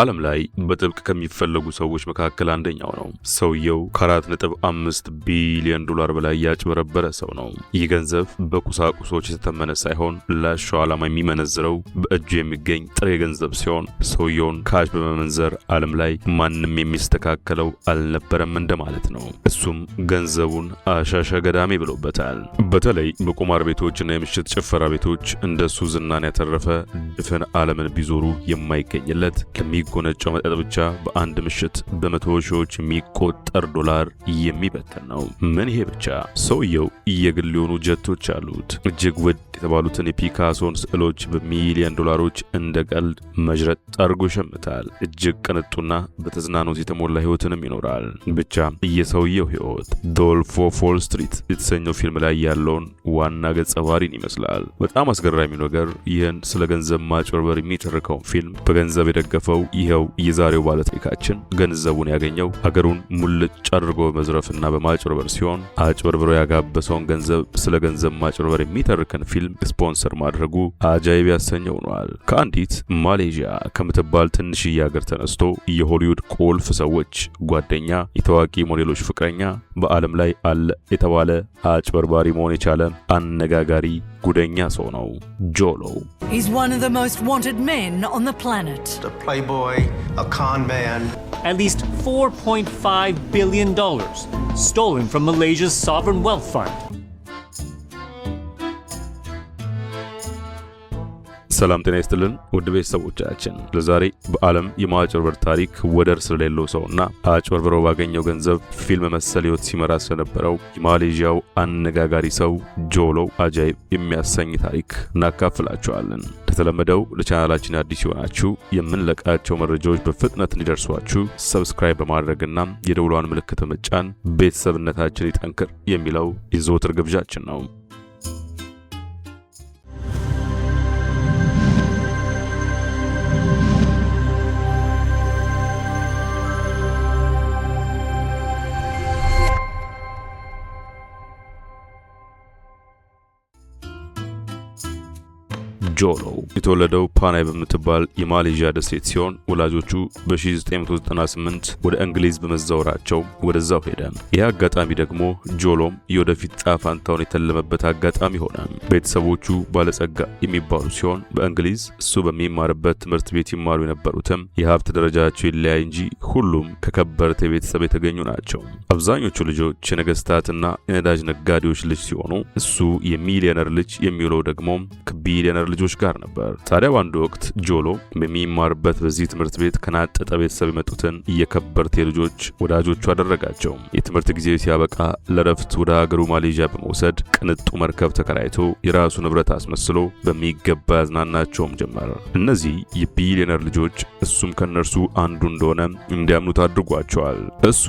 አለም ላይ በጥብቅ ከሚፈለጉ ሰዎች መካከል አንደኛው ነው። ሰውየው ከአራት ነጥብ አምስት ቢሊዮን ዶላር በላይ ያጭበረበረ ሰው ነው። ይህ ገንዘብ በቁሳቁሶች የተተመነ ሳይሆን ላሻው ዓላማ የሚመነዝረው በእጁ የሚገኝ ጥሬ ገንዘብ ሲሆን ሰውየውን ካሽ በመመንዘር ዓለም ላይ ማንም የሚስተካከለው አልነበረም እንደማለት ነው። እሱም ገንዘቡን አሻሸ ገዳሜ ብሎበታል። በተለይ በቁማር ቤቶችና የምሽት ጭፈራ ቤቶች እንደሱ ዝናን ያተረፈ አግተን ዓለምን ቢዞሩ የማይገኝለት ከሚጎነጨው መጠጥ ብቻ በአንድ ምሽት በመቶ ሺዎች የሚቆጠር ዶላር የሚበትን ነው። ምን ይሄ ብቻ! ሰውየው የግል የሆኑ ጀቶች አሉት። እጅግ ውድ የተባሉትን የፒካሶን ስዕሎች በሚሊዮን ዶላሮች እንደ ቀልድ መዥረጥ ጠርጎ ይሸምታል። እጅግ ቅንጡና በተዝናኖት የተሞላ ህይወትንም ይኖራል። ብቻ እየሰውየው ህይወት ዶልፎ ፎል ስትሪት የተሰኘው ፊልም ላይ ያለውን ዋና ገጸ ባህሪን ይመስላል። በጣም አስገራሚው ነገር ይህን ስለ ገንዘብ ማጭበርበር የሚተርከውን ፊልም በገንዘብ የደገፈው ይኸው የዛሬው ባለታሪካችን ገንዘቡን ያገኘው ሀገሩን ሙልጭ አድርጎ በመዝረፍና በማጭበርበር ሲሆን አጭበርብሮ ያጋበሰውን ገንዘብ ስለ ገንዘብ ማጭበርበር የሚተርከን ፊልም ስፖንሰር ማድረጉ አጃይብ ያሰኘው ነዋል። ከአንዲት ማሌዥያ ከምትባል ትንሽዬ ሀገር ተነስቶ የሆሊውድ ቁልፍ ሰዎች ጓደኛ፣ የታዋቂ ሞዴሎች ፍቅረኛ፣ በዓለም ላይ አለ የተባለ አጭበርባሪ መሆን የቻለ አነጋጋሪ He's one of the most wanted men on the planet. A playboy, a con man. At least 4.5 billion dollars stolen from Malaysia's sovereign wealth fund. ሰላም ጤና ይስጥልን ውድ ቤተሰቦቻችን፣ ለዛሬ በዓለም የማጭበርበር ታሪክ ወደር ስለሌለው ሰውና አጭበርብሮ ባገኘው ገንዘብ ፊልም መሰል ህይወት ሲመራ ስለነበረው የማሌዥያው አነጋጋሪ ሰው ጆሎ አጃይብ የሚያሰኝ ታሪክ እናካፍላችኋለን። እንደተለመደው ለቻናላችን አዲስ የሆናችሁ የምንለቃቸው መረጃዎች በፍጥነት እንዲደርሷችሁ ሰብስክራይብ በማድረግና የደውሏን ምልክት በመጫን ቤተሰብነታችን ይጠንክር የሚለው የዘወትር ግብዣችን ነው። ጆ ነው። የተወለደው ፓናይ በምትባል የማሌዥያ ደሴት ሲሆን ወላጆቹ በ1998 ወደ እንግሊዝ በመዛወራቸው ወደዛው ሄደ። ይህ አጋጣሚ ደግሞ ጆሎም የወደፊት ጣፋንታውን የተለመበት አጋጣሚ ሆነ። ቤተሰቦቹ ባለጸጋ የሚባሉ ሲሆን በእንግሊዝ እሱ በሚማርበት ትምህርት ቤት ይማሩ የነበሩትም የሀብት ደረጃቸው ይለያይ እንጂ ሁሉም ከከበርተ ቤተሰብ የተገኙ ናቸው። አብዛኞቹ ልጆች የነገስታትና የነዳጅ ነጋዴዎች ልጅ ሲሆኑ እሱ የሚሊዮነር ልጅ የሚውለው ደግሞ ከቢሊዮነር ልጆች ልጆች ጋር ነበር። ታዲያ በአንድ ወቅት ጆሎ በሚማርበት በዚህ ትምህርት ቤት ከናጠጠ ቤተሰብ የመጡትን የከበርቴ ልጆች ወዳጆቹ አደረጋቸው። የትምህርት ጊዜ ሲያበቃ ለረፍት ወደ ሀገሩ ማሌዥያ በመውሰድ ቅንጡ መርከብ ተከራይቶ የራሱ ንብረት አስመስሎ በሚገባ ያዝናናቸውም ጀመር። እነዚህ የቢሊዮነር ልጆች እሱም ከነርሱ አንዱ እንደሆነ እንዲያምኑት አድርጓቸዋል። እሱ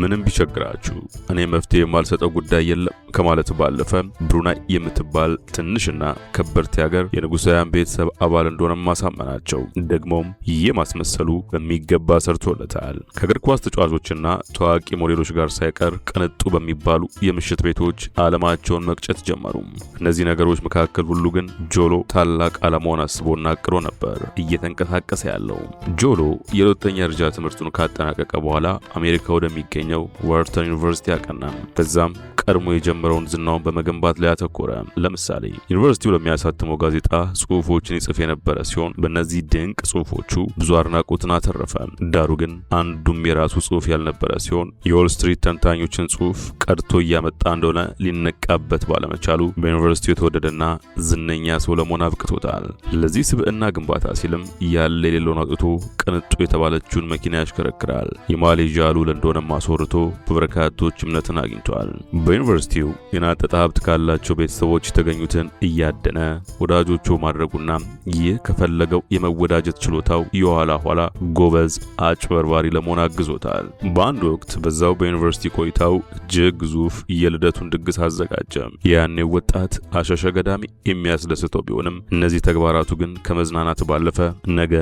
ምንም ቢቸግራችሁ እኔ መፍትሄ የማልሰጠው ጉዳይ የለም ከማለት ባለፈ ብሩናይ የምትባል ትንሽና ከበርቴ ሀገር የንጉሳውያን ቤተሰብ አባል እንደሆነ ማሳመናቸው፣ ደግሞም የማስመሰሉ በሚገባ ሰርቶለታል። ከእግር ኳስ ተጫዋቾችና ታዋቂ ሞዴሎች ጋር ሳይቀር ቅንጡ በሚባሉ የምሽት ቤቶች አለማቸውን መቅጨት ጀመሩ። እነዚህ ነገሮች መካከል ሁሉ ግን ጆሎ ታላቅ አላማውን አስቦና አቅዶ ነበር እየተንቀሳቀሰ ያለው። ጆሎ የሁለተኛ ደረጃ ትምህርቱን ካጠናቀቀ በኋላ አሜሪካ ወደሚገ ወደሚገኘው ወርተን ዩኒቨርሲቲ አቀናም። በዛም ቀድሞ የጀመረውን ዝናውን በመገንባት ላይ አተኮረ። ለምሳሌ ዩኒቨርሲቲው ለሚያሳትመው ጋዜጣ ጽሁፎችን ይጽፍ የነበረ ሲሆን በእነዚህ ድንቅ ጽሁፎቹ ብዙ አድናቆትን አተረፈ። ዳሩ ግን አንዱም የራሱ ጽሁፍ ያልነበረ ሲሆን የዎል ስትሪት ተንታኞችን ጽሁፍ ቀድቶ እያመጣ እንደሆነ ሊነቃበት ባለመቻሉ በዩኒቨርሲቲው የተወደደና ዝነኛ ሰው ለመሆን አብቅቶታል። ለዚህ ስብዕና ግንባታ ሲልም ያለ የሌለውን አውጥቶ ቅንጡ የተባለችውን መኪና ያሽከረክራል። የማሌዥያ ሉል እንደሆነ ማስወርቶ በበርካቶች እምነትን አግኝቷል። በዩኒቨርሲቲው የናጠጠ ሀብት ካላቸው ቤተሰቦች የተገኙትን እያደነ ወዳጆቹ ማድረጉና ይህ ከፈለገው የመወዳጀት ችሎታው የኋላ ኋላ ጎበዝ አጭበርባሪ ለመሆን አግዞታል። በአንድ ወቅት በዛው በዩኒቨርሲቲ ቆይታው እጅግ ግዙፍ የልደቱን ድግስ አዘጋጀ። ያኔ ወጣት አሸሸ ገዳሚ የሚያስደስተው ቢሆንም እነዚህ ተግባራቱ ግን ከመዝናናት ባለፈ ነገ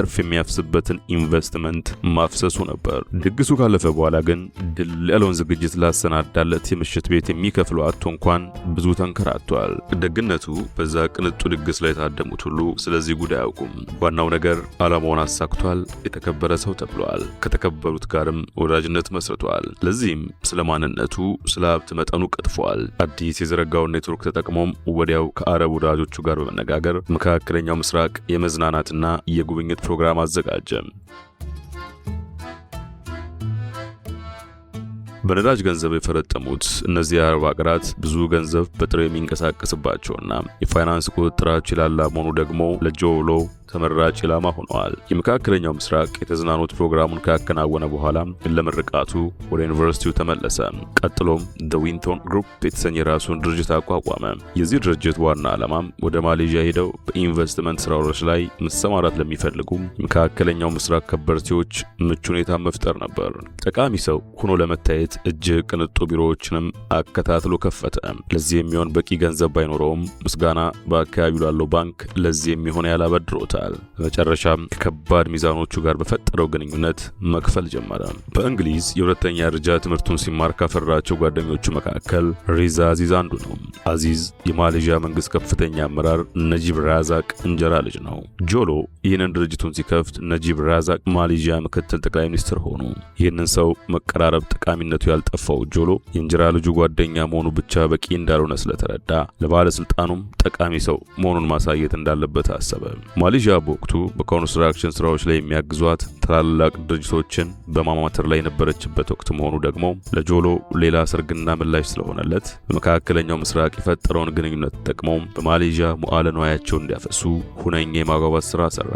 ትርፍ የሚያፍስበትን ኢንቨስትመንት ማፍሰሱ ነበር። ድግሱ ካለፈ በኋላ ግን ድል ያለውን ዝግጅት ላሰናዳለት የምሽት ቤት የሚከፍለው አቶ እንኳን ብዙ ተንከራቷል። ደግነቱ በዛ ቅንጡ ድግስ ላይ የታደሙት ሁሉ ስለዚህ ጉዳይ አያውቁም። ዋናው ነገር አላማውን አሳክቷል፣ የተከበረ ሰው ተብሏል። ከተከበሩት ጋርም ወዳጅነት መስርቷል። ለዚህም ስለ ማንነቱ፣ ስለ ሀብት መጠኑ ቀጥፏል። አዲስ የዘረጋውን ኔትወርክ ተጠቅሞም ወዲያው ከአረብ ወዳጆቹ ጋር በመነጋገር መካከለኛው ምስራቅ የመዝናናትና የጉብኝት ፕሮግራም አዘጋጀም በነዳጅ ገንዘብ የፈረጠሙት እነዚህ የአረብ ሀገራት ብዙ ገንዘብ በጥሬ የሚንቀሳቀስባቸውና የፋይናንስ ቁጥጥራቸው የላላ መሆኑ ደግሞ ለጆሎ ተመራጭ ኢላማ ሆነዋል። የመካከለኛው ምስራቅ የተዝናኖት ፕሮግራሙን ካከናወነ በኋላ ለምርቃቱ ወደ ዩኒቨርሲቲው ተመለሰ። ቀጥሎም ደ ዊንቶን ግሩፕ የተሰኘ የራሱን ድርጅት አቋቋመ። የዚህ ድርጅት ዋና ዓላማም ወደ ማሌዥያ ሄደው በኢንቨስትመንት ስራዎች ላይ መሰማራት ለሚፈልጉ መካከለኛው ምስራቅ ከበርቴዎች ምቹ ሁኔታ መፍጠር ነበር። ጠቃሚ ሰው ሆኖ ለመታየት እጅግ ቅንጡ ቢሮዎችንም አከታትሎ ከፈተ። ለዚህ የሚሆን በቂ ገንዘብ ባይኖረውም ምስጋና በአካባቢው ላለው ባንክ ለዚህ የሚሆን ያላበድሮታል። ይመለከታል። በመጨረሻም ከከባድ ሚዛኖቹ ጋር በፈጠረው ግንኙነት መክፈል ጀመረ። በእንግሊዝ የሁለተኛ ደረጃ ትምህርቱን ሲማር ካፈራቸው ጓደኞቹ መካከል ሪዛ አዚዝ አንዱ ነው። አዚዝ የማሌዥያ መንግስት ከፍተኛ አመራር ነጂብ ራዛቅ እንጀራ ልጅ ነው። ጆሎ ይህንን ድርጅቱን ሲከፍት ነጂብ ራዛቅ ማሌዥያ ምክትል ጠቅላይ ሚኒስትር ሆኑ። ይህንን ሰው መቀራረብ ጠቃሚነቱ ያልጠፋው ጆሎ የእንጀራ ልጁ ጓደኛ መሆኑ ብቻ በቂ እንዳልሆነ ስለተረዳ ለባለስልጣኑም ጠቃሚ ሰው መሆኑን ማሳየት እንዳለበት አሰበ። ማሌዥያ በጃብ ወቅቱ በኮንስትራክሽን ስራዎች ላይ የሚያግዟት ታላላቅ ድርጅቶችን በማማተር ላይ የነበረችበት ወቅት መሆኑ ደግሞ ለጆሎ ሌላ ሰርግና ምላሽ ስለሆነለት በመካከለኛው ምስራቅ የፈጠረውን ግንኙነት ተጠቅመው በማሌዥያ ሙዓለ ንዋያቸውን እንዲያፈሱ ሁነኝ የማጓጓዝ ስራ ሰራ።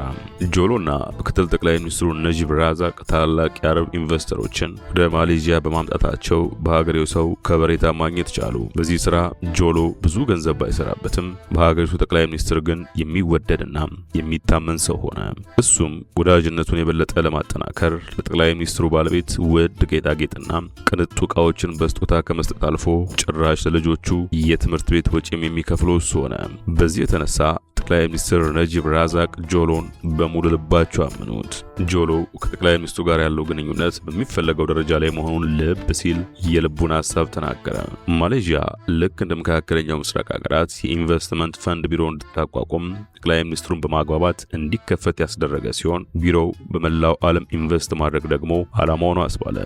ጆሎና ምክትል ጠቅላይ ሚኒስትሩ ነጂብ ራዛቅ ታላላቅ የአረብ ኢንቨስተሮችን ወደ ማሌዥያ በማምጣታቸው በሀገሬው ሰው ከበሬታ ማግኘት ቻሉ። በዚህ ስራ ጆሎ ብዙ ገንዘብ ባይሰራበትም በሀገሪቱ ጠቅላይ ሚኒስትር ግን የሚወደድና የሚታመን ሰው ሆነ። እሱም ወዳጅነቱን የበለጠ ለማጠናከር ለጠቅላይ ሚኒስትሩ ባለቤት ውድ ጌጣጌጥና ቅንጡ እቃዎችን በስጦታ ከመስጠት አልፎ ጭራሽ ለልጆቹ የትምህርት ቤት ወጪም የሚከፍለው እሱ ሆነ። በዚህ የተነሳ ጠቅላይ ሚኒስትር ነጂብ ራዛቅ ጆሎን በሙሉ ልባቸው አመኑት። ጆሎ ከጠቅላይ ሚኒስትሩ ጋር ያለው ግንኙነት በሚፈለገው ደረጃ ላይ መሆኑን ልብ ሲል የልቡን ሀሳብ ተናገረ። ማሌዥያ ልክ እንደ መካከለኛው ምስራቅ ሀገራት የኢንቨስትመንት ፈንድ ቢሮ እንድታቋቁም ጠቅላይ ሚኒስትሩን በማግባባት እንዲከፈት ያስደረገ ሲሆን ቢሮው በመላው ዓለም ኢንቨስት ማድረግ ደግሞ ዓላማውን አስባለ።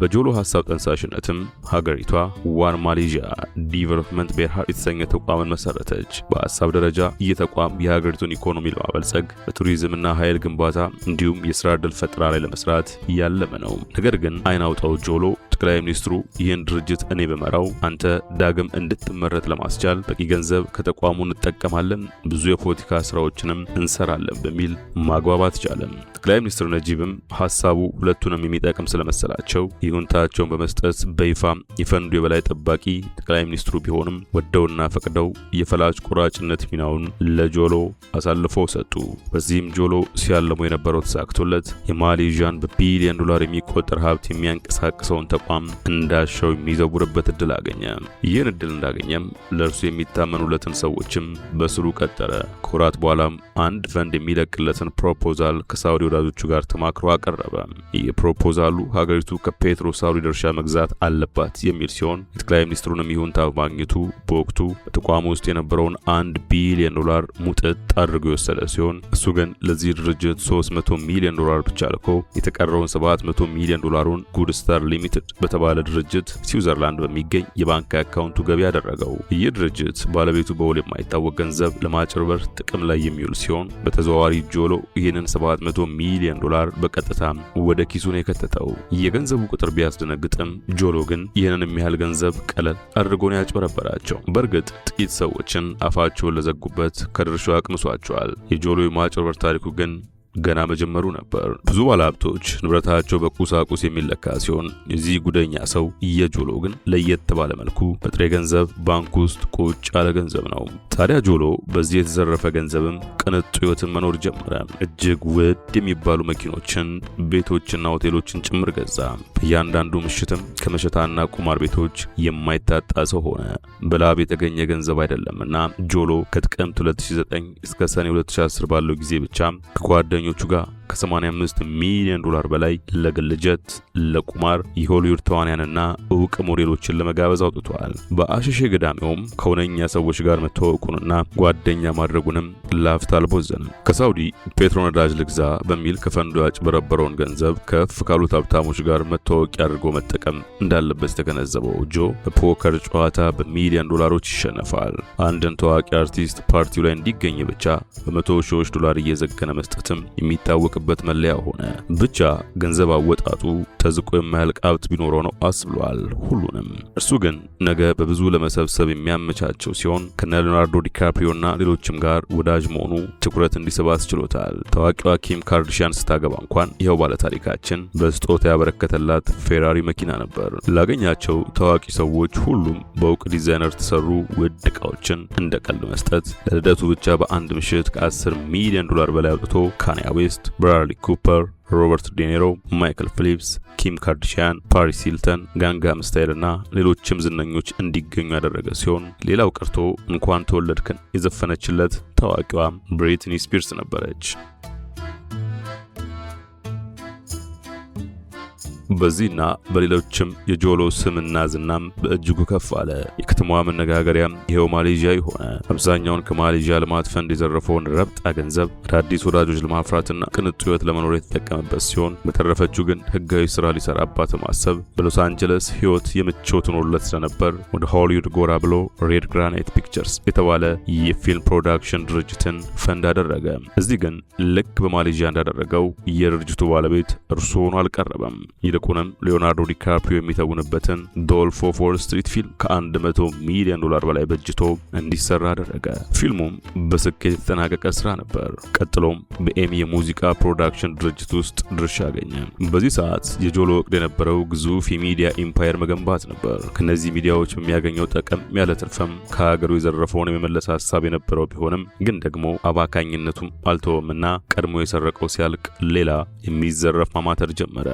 በጆሎ ሀሳብ ጠንሳሽነትም ሀገሪቷ ዋን ማሌዥያ ዲቨሎፕመንት ቤርሃር የተሰኘ ተቋምን መሰረተች። በሀሳብ ደረጃ እየተቋም የሀገሪቱን ኢኮኖሚ ለማበልጸግ በቱሪዝምና ኃይል ግንባታ እንዲሁም የስራ ዕድል ፈጠራ ላይ ለመስራት ያለመ ነው። ነገር ግን አይናውጣው ጆሎ ጠቅላይ ሚኒስትሩ ይህን ድርጅት እኔ በመራው አንተ ዳግም እንድትመረጥ ለማስቻል በቂ ገንዘብ ከተቋሙ እንጠቀማለን፣ ብዙ የፖለቲካ ስራዎችንም እንሰራለን በሚል ማግባባት ቻለም። ጠቅላይ ሚኒስትር ነጂብም ሀሳቡ ሁለቱንም የሚጠቅም ስለመሰላቸው ይሁንታቸውን በመስጠት በይፋ የፈንዱ የበላይ ጠባቂ ጠቅላይ ሚኒስትሩ ቢሆንም ወደውና ፈቅደው የፈላጭ ቁራጭነት ሚናውን ለጆሎ አሳልፈው ሰጡ። በዚህም ጆሎ ሲያለሙ የነበረው ተሳክቶለት የማሌዥያን በቢሊዮን ዶላር የሚቆጠር ሀብት የሚያንቀሳቅሰውን ተቋ አቋም እንዳሻው የሚዘውርበት እድል አገኘ። ይህን እድል እንዳገኘም ለእርሱ የሚታመኑለትን ሰዎችም በስሩ ቀጠረ። ከወራት በኋላም አንድ ፈንድ የሚለቅለትን ፕሮፖዛል ከሳውዲ ወዳጆቹ ጋር ተማክሮ አቀረበ። የፕሮፖዛሉ ሀገሪቱ ከፔትሮ ሳውዲ ድርሻ መግዛት አለባት የሚል ሲሆን የጠቅላይ ሚኒስትሩንም ይሁንታ በማግኘቱ በወቅቱ በተቋሙ ውስጥ የነበረውን አንድ ቢሊዮን ዶላር ሙጥጥ አድርጎ የወሰደ ሲሆን እሱ ግን ለዚህ ድርጅት 300 ሚሊዮን ዶላር ብቻ ልኮ የተቀረውን 700 ሚሊዮን ዶላሩን ጉድስታር ሊሚትድ በተባለ ድርጅት ስዊዘርላንድ በሚገኝ የባንክ አካውንቱ ገቢ ያደረገው። ይህ ድርጅት ባለቤቱ በውል የማይታወቅ ገንዘብ ለማጭበርበር ጥቅም ላይ የሚውል ሲሆን በተዘዋዋሪ ጆሎ ይህንን 700 ሚሊዮን ዶላር በቀጥታ ወደ ኪሱ ነው የከተተው። የገንዘቡ ቁጥር ቢያስደነግጥም ጆሎ ግን ይህንን የሚያህል ገንዘብ ቀለል አድርጎ ነው ያጭበረበራቸው። በእርግጥ ጥቂት ሰዎችን አፋቸውን ለዘጉበት ከድርሻው አቅምሷቸዋል። የጆሎ የማጭበርበር ታሪኩ ግን ገና መጀመሩ ነበር። ብዙ ባለሀብቶች ንብረታቸው በቁሳቁስ የሚለካ ሲሆን የዚህ ጉደኛ ሰው እየጆሎ ግን ለየት ባለ መልኩ በጥሬ ገንዘብ ባንክ ውስጥ ቁጭ ያለ ገንዘብ ነው። ታዲያ ጆሎ በዚህ የተዘረፈ ገንዘብም ቅንጡ ህይወትን መኖር ጀመረ። እጅግ ውድ የሚባሉ መኪኖችን፣ ቤቶችና ሆቴሎችን ጭምር ገዛ። በእያንዳንዱ ምሽትም ከመሸታና ቁማር ቤቶች የማይታጣ ሰው ሆነ። በላብ የተገኘ ገንዘብ አይደለምና ጆሎ ከጥቅምት 2009 እስከ ሰኔ 2010 ባለው ጊዜ ብቻ ከጓደኞ 요추가 ከ85 ሚሊዮን ዶላር በላይ ለግል ጀት፣ ለቁማር የሆሊውድ ተዋንያንና እውቅ ሞዴሎችን ለመጋበዝ አውጥቷል። በአሸሼ ገዳሚውም ከሁነኛ ሰዎች ጋር መተዋወቁንና ጓደኛ ማድረጉንም ላፍታ አልቦዘንም። ከሳውዲ ፔትሮ ነዳጅ ልግዛ በሚል ከፈንዱ ያጭበረበረውን ገንዘብ ከፍ ካሉት ሀብታሞች ጋር መታወቂያ አድርጎ መጠቀም እንዳለበት የተገነዘበው ጆ በፖከር ጨዋታ በሚሊዮን ዶላሮች ይሸነፋል። አንድን ታዋቂ አርቲስት ፓርቲው ላይ እንዲገኝ ብቻ በመቶ ሺዎች ዶላር እየዘገነ መስጠትም የሚታወቅ የሚላክበት መለያ ሆነ። ብቻ ገንዘብ አወጣጡ ተዝቆ የማያልቅ ሀብት ቢኖረው ነው አስብሏል ሁሉንም። እርሱ ግን ነገ በብዙ ለመሰብሰብ የሚያመቻቸው ሲሆን ከነ ሊዮናርዶ እና ሌሎችም ጋር ወዳጅ መሆኑ ትኩረት እንዲስብ አስችሎታል። ታዋቂዋ ኪም ካርዳሺያን ስታገባ እንኳን ይኸው ባለታሪካችን በስጦታ ያበረከተላት ፌራሪ መኪና ነበር። ላገኛቸው ታዋቂ ሰዎች ሁሉም በእውቅ ዲዛይነር የተሰሩ ውድ እቃዎችን እንደ ቀልድ መስጠት፣ ለልደቱ ብቻ በአንድ ምሽት ከ10 ሚሊዮን ዶላር በላይ አውጥቶ ካንያ ዌስት ብራድሊ ኩፐር፣ ሮበርት ዴኒሮ፣ ማይክል ፊሊፕስ፣ ኪም ካርዲሽያን፣ ፓሪስ ሂልተን፣ ጋንጋም ስታይል እና ሌሎችም ዝነኞች እንዲገኙ ያደረገ ሲሆን ሌላው ቀርቶ እንኳን ተወለድክን የዘፈነችለት ታዋቂዋም ብሪትኒ ስፒርስ ነበረች። በዚህና በሌሎችም የጆሎ ስምና ዝናም በእጅጉ ከፍ አለ። የከተማዋ መነጋገሪያም ይኸው ማሌዥያ የሆነ አብዛኛውን ከማሌዥያ ልማት ፈንድ የዘረፈውን ረብጣ ገንዘብ አዳዲስ ወዳጆች ለማፍራትና ቅንጡ ሕይወት ለመኖር የተጠቀመበት ሲሆን በተረፈችው ግን ህጋዊ ስራ ሊሰራባት ማሰብ በሎስ አንጀለስ ሕይወት የምቾት ኖሮለት ስለነበር ወደ ሆሊውድ ጎራ ብሎ ሬድ ግራናይት ፒክቸርስ የተባለ የፊልም ፕሮዳክሽን ድርጅትን ፈንድ አደረገ። እዚህ ግን ልክ በማሌዥያ እንዳደረገው የድርጅቱ ባለቤት እርሱ ሆኖ አልቀረበም። ይልቁንም ሊዮናርዶ ዲካፕሪዮ የሚተውንበትን ዶልፎ ኦፍ ስትሪት ፊልም ከ100 ሚሊዮን ዶላር በላይ በጅቶ እንዲሰራ አደረገ። ፊልሙም በስኬት የተጠናቀቀ ስራ ነበር። ቀጥሎም በኤሚ የሙዚቃ ፕሮዳክሽን ድርጅት ውስጥ ድርሻ አገኘ። በዚህ ሰዓት የጆሎ ወቅድ የነበረው ግዙፍ የሚዲያ ኢምፓየር መገንባት ነበር። ከነዚህ ሚዲያዎች የሚያገኘው ጠቀም ያለ ትርፈም ከሀገሩ የዘረፈውን የመመለስ ሀሳብ የነበረው ቢሆንም ግን ደግሞ አባካኝነቱም አልተወምና ቀድሞ የሰረቀው ሲያልቅ ሌላ የሚዘረፍ ማማተር ጀመረ።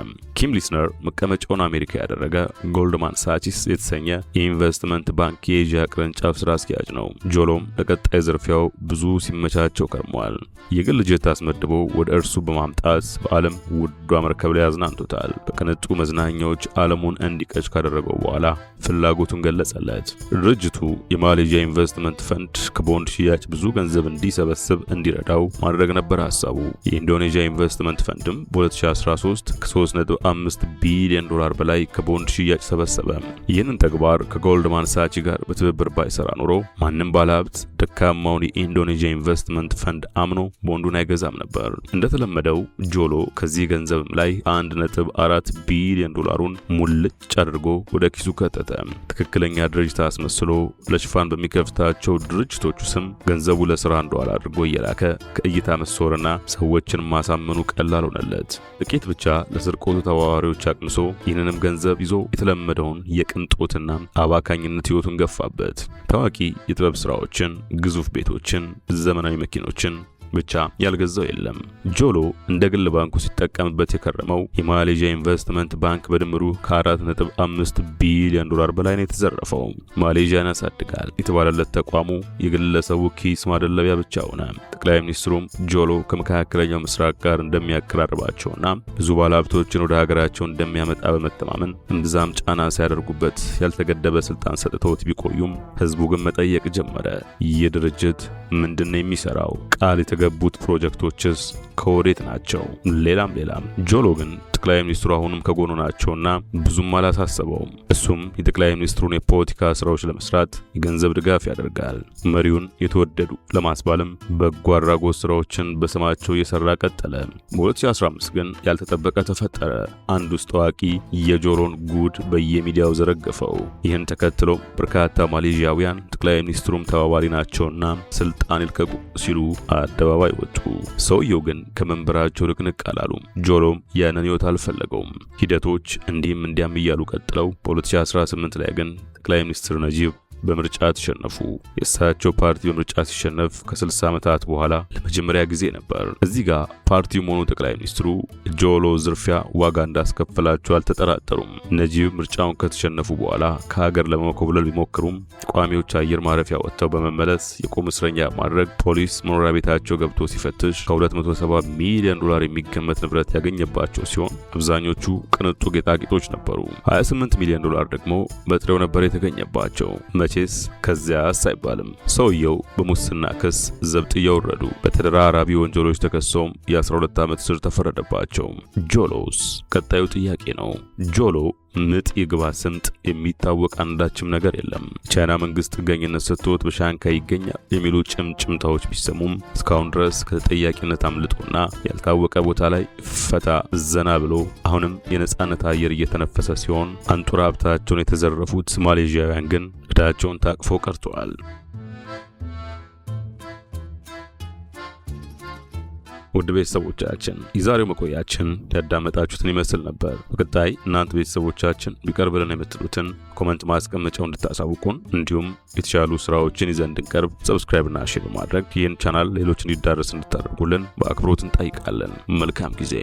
ኪም ሊስነር መቀመጫውን አሜሪካ ያደረገ ጎልድማን ሳቺስ የተሰኘ የኢንቨስትመንት ባንክ የኤዥያ ቅርንጫፍ ስራ አስኪያጅ ነው። ጆሎም ለቀጣይ ዝርፊያው ብዙ ሲመቻቸው ከርመዋል። የግል ጀት አስመድቦ ወደ እርሱ በማምጣት በዓለም ውዷ መርከብ ላይ አዝናንቶታል። በቅንጡ መዝናኛዎች ዓለሙን እንዲቀጭ ካደረገው በኋላ ፍላጎቱን ገለጸለት። ድርጅቱ የማሌዥያ ኢንቨስትመንት ፈንድ ከቦንድ ሽያጭ ብዙ ገንዘብ እንዲሰበስብ እንዲረዳው ማድረግ ነበር ሀሳቡ። የኢንዶኔዥያ ኢንቨስትመንት ፈንድም በ2013 ከ3 25 ቢሊዮን ዶላር በላይ ከቦንድ ሽያጭ ሰበሰበ። ይህንን ተግባር ከጎልድማን ሳቺ ጋር በትብብር ባይሰራ ኖሮ ማንም ባለሀብት ደካማውን የኢንዶኔዥያ ኢንቨስትመንት ፈንድ አምኖ ቦንዱን አይገዛም ነበር። እንደተለመደው ጆሎ ከዚህ ገንዘብም ላይ 1.4 ቢሊዮን ዶላሩን ሙልጭ አድርጎ ወደ ኪሱ ከተተ። ትክክለኛ ድርጅት አስመስሎ ለሽፋን በሚከፍታቸው ድርጅቶቹ ስም ገንዘቡ ለስራ እንደዋላ አድርጎ እየላከ ከእይታ መሰወርና ሰዎችን ማሳመኑ ቀላል ሆነለት። ጥቂት ብቻ ለስርቆቱ ተዋ ተዘዋዋሪዎች አቅምሶ ይህንንም ገንዘብ ይዞ የተለመደውን የቅንጦትና አባካኝነት ህይወቱን ገፋበት። ታዋቂ የጥበብ ስራዎችን፣ ግዙፍ ቤቶችን፣ ዘመናዊ መኪኖችን ብቻ ያልገዛው የለም። ጆሎ እንደ ግል ባንኩ ሲጠቀምበት የከረመው የማሌዥያ ኢንቨስትመንት ባንክ በድምሩ ከ4.5 ቢሊዮን ዶላር በላይ ነው የተዘረፈው። ማሌዥያን ያሳድጋል የተባለለት ተቋሙ የግለሰቡ ኪስ ማደለቢያ ብቻ ሆነ። ጠቅላይ ሚኒስትሩም ጆሎ ከመካከለኛው ምስራቅ ጋር እንደሚያቀራርባቸውና ብዙ ባለሀብቶችን ወደ ሀገራቸው እንደሚያመጣ በመተማመን እምብዛም ጫና ሲያደርጉበት ያልተገደበ ስልጣን ሰጥተውት ቢቆዩም ህዝቡ ግን መጠየቅ ጀመረ። ይህ ድርጅት ምንድነው የሚሰራው? ቃል ያገቡት ፕሮጀክቶችስ ከወዴት ናቸው? ሌላም ሌላም ጆሎ ግን ጠቅላይ ሚኒስትሩ አሁንም ከጎኑ ናቸውና ብዙም አላሳሰበውም። እሱም የጠቅላይ ሚኒስትሩን የፖለቲካ ስራዎች ለመስራት የገንዘብ ድጋፍ ያደርጋል። መሪውን የተወደዱ ለማስባልም በጎ አድራጎት ስራዎችን በስማቸው እየሰራ ቀጠለ። በ2015 ግን ያልተጠበቀ ተፈጠረ። አንድ ውስጥ ታዋቂ የጆሮን ጉድ በየሚዲያው ዘረገፈው። ይህን ተከትሎ በርካታ ማሌዥያውያን ጠቅላይ ሚኒስትሩም ተባባሪ ናቸውና ስልጣን ይልቀቁ ሲሉ አደባባይ ወጡ። ሰውየው ግን ከመንበራቸው ልቅንቅ አላሉ። ጆሮም ያንን ህይወት አልፈለገውም። ሂደቶች እንዲህም እንዲያም እያሉ ቀጥለው በ2018 ላይ ግን ጠቅላይ ሚኒስትር ነጂብ በምርጫ ተሸነፉ። የእሳቸው ፓርቲ በምርጫ ሲሸነፍ ከ60 ዓመታት በኋላ ለመጀመሪያ ጊዜ ነበር። እዚህ ጋር ፓርቲውም ሆኑ ጠቅላይ ሚኒስትሩ ጆሎ ዝርፊያ ዋጋ እንዳስከፈላቸው አልተጠራጠሩም። ነጂብ ምርጫውን ከተሸነፉ በኋላ ከሀገር ለመኮብለል ቢሞክሩም ቋሚዎች አየር ማረፊያ ወጥተው በመመለስ የቁም እስረኛ ማድረግ፣ ፖሊስ መኖሪያ ቤታቸው ገብቶ ሲፈትሽ ከ270 ሚሊዮን ዶላር የሚገመት ንብረት ያገኘባቸው ሲሆን አብዛኞቹ ቅንጡ ጌጣጌጦች ነበሩ። 28 ሚሊዮን ዶላር ደግሞ በጥሬው ነበር የተገኘባቸው። መቼስ ከዚያስ አይባልም። ሰውየው በሙስና ክስ ዘብጥ እያወረዱ በተደራራቢ ወንጀሎች ተከሶም የ12 ዓመት ስር ተፈረደባቸው። ጆሎስ ቀጣዩ ጥያቄ ነው። ጆሎ ምጥ ይግባ ስምጥ የሚታወቅ አንዳችም ነገር የለም። የቻይና መንግስት ጥገኝነት ሰጥቶት በሻንካይ ይገኛል የሚሉ ጭምጭምታዎች ቢሰሙም እስካሁን ድረስ ከተጠያቂነት አምልጦና ያልታወቀ ቦታ ላይ ፈታ ዘና ብሎ አሁንም የነጻነት አየር እየተነፈሰ ሲሆን አንጡራ ሀብታቸውን የተዘረፉት ማሌዥያውያን ግን እዳቸውን ታቅፎ ቀርተዋል። ውድ ቤተሰቦቻችን የዛሬው መቆያችን ያዳመጣችሁትን ይመስል ነበር። በቀጣይ እናንተ ቤተሰቦቻችን ቢቀርብልን የምትሉትን ኮመንት ማስቀመጫው እንድታሳውቁን እንዲሁም የተሻሉ ስራዎችን ይዘን እንድንቀርብ ሰብስክራይብና ሼር ማድረግ ይህን ቻናል ሌሎች እንዲዳረስ እንድታደርጉልን በአክብሮት እንጠይቃለን። መልካም ጊዜ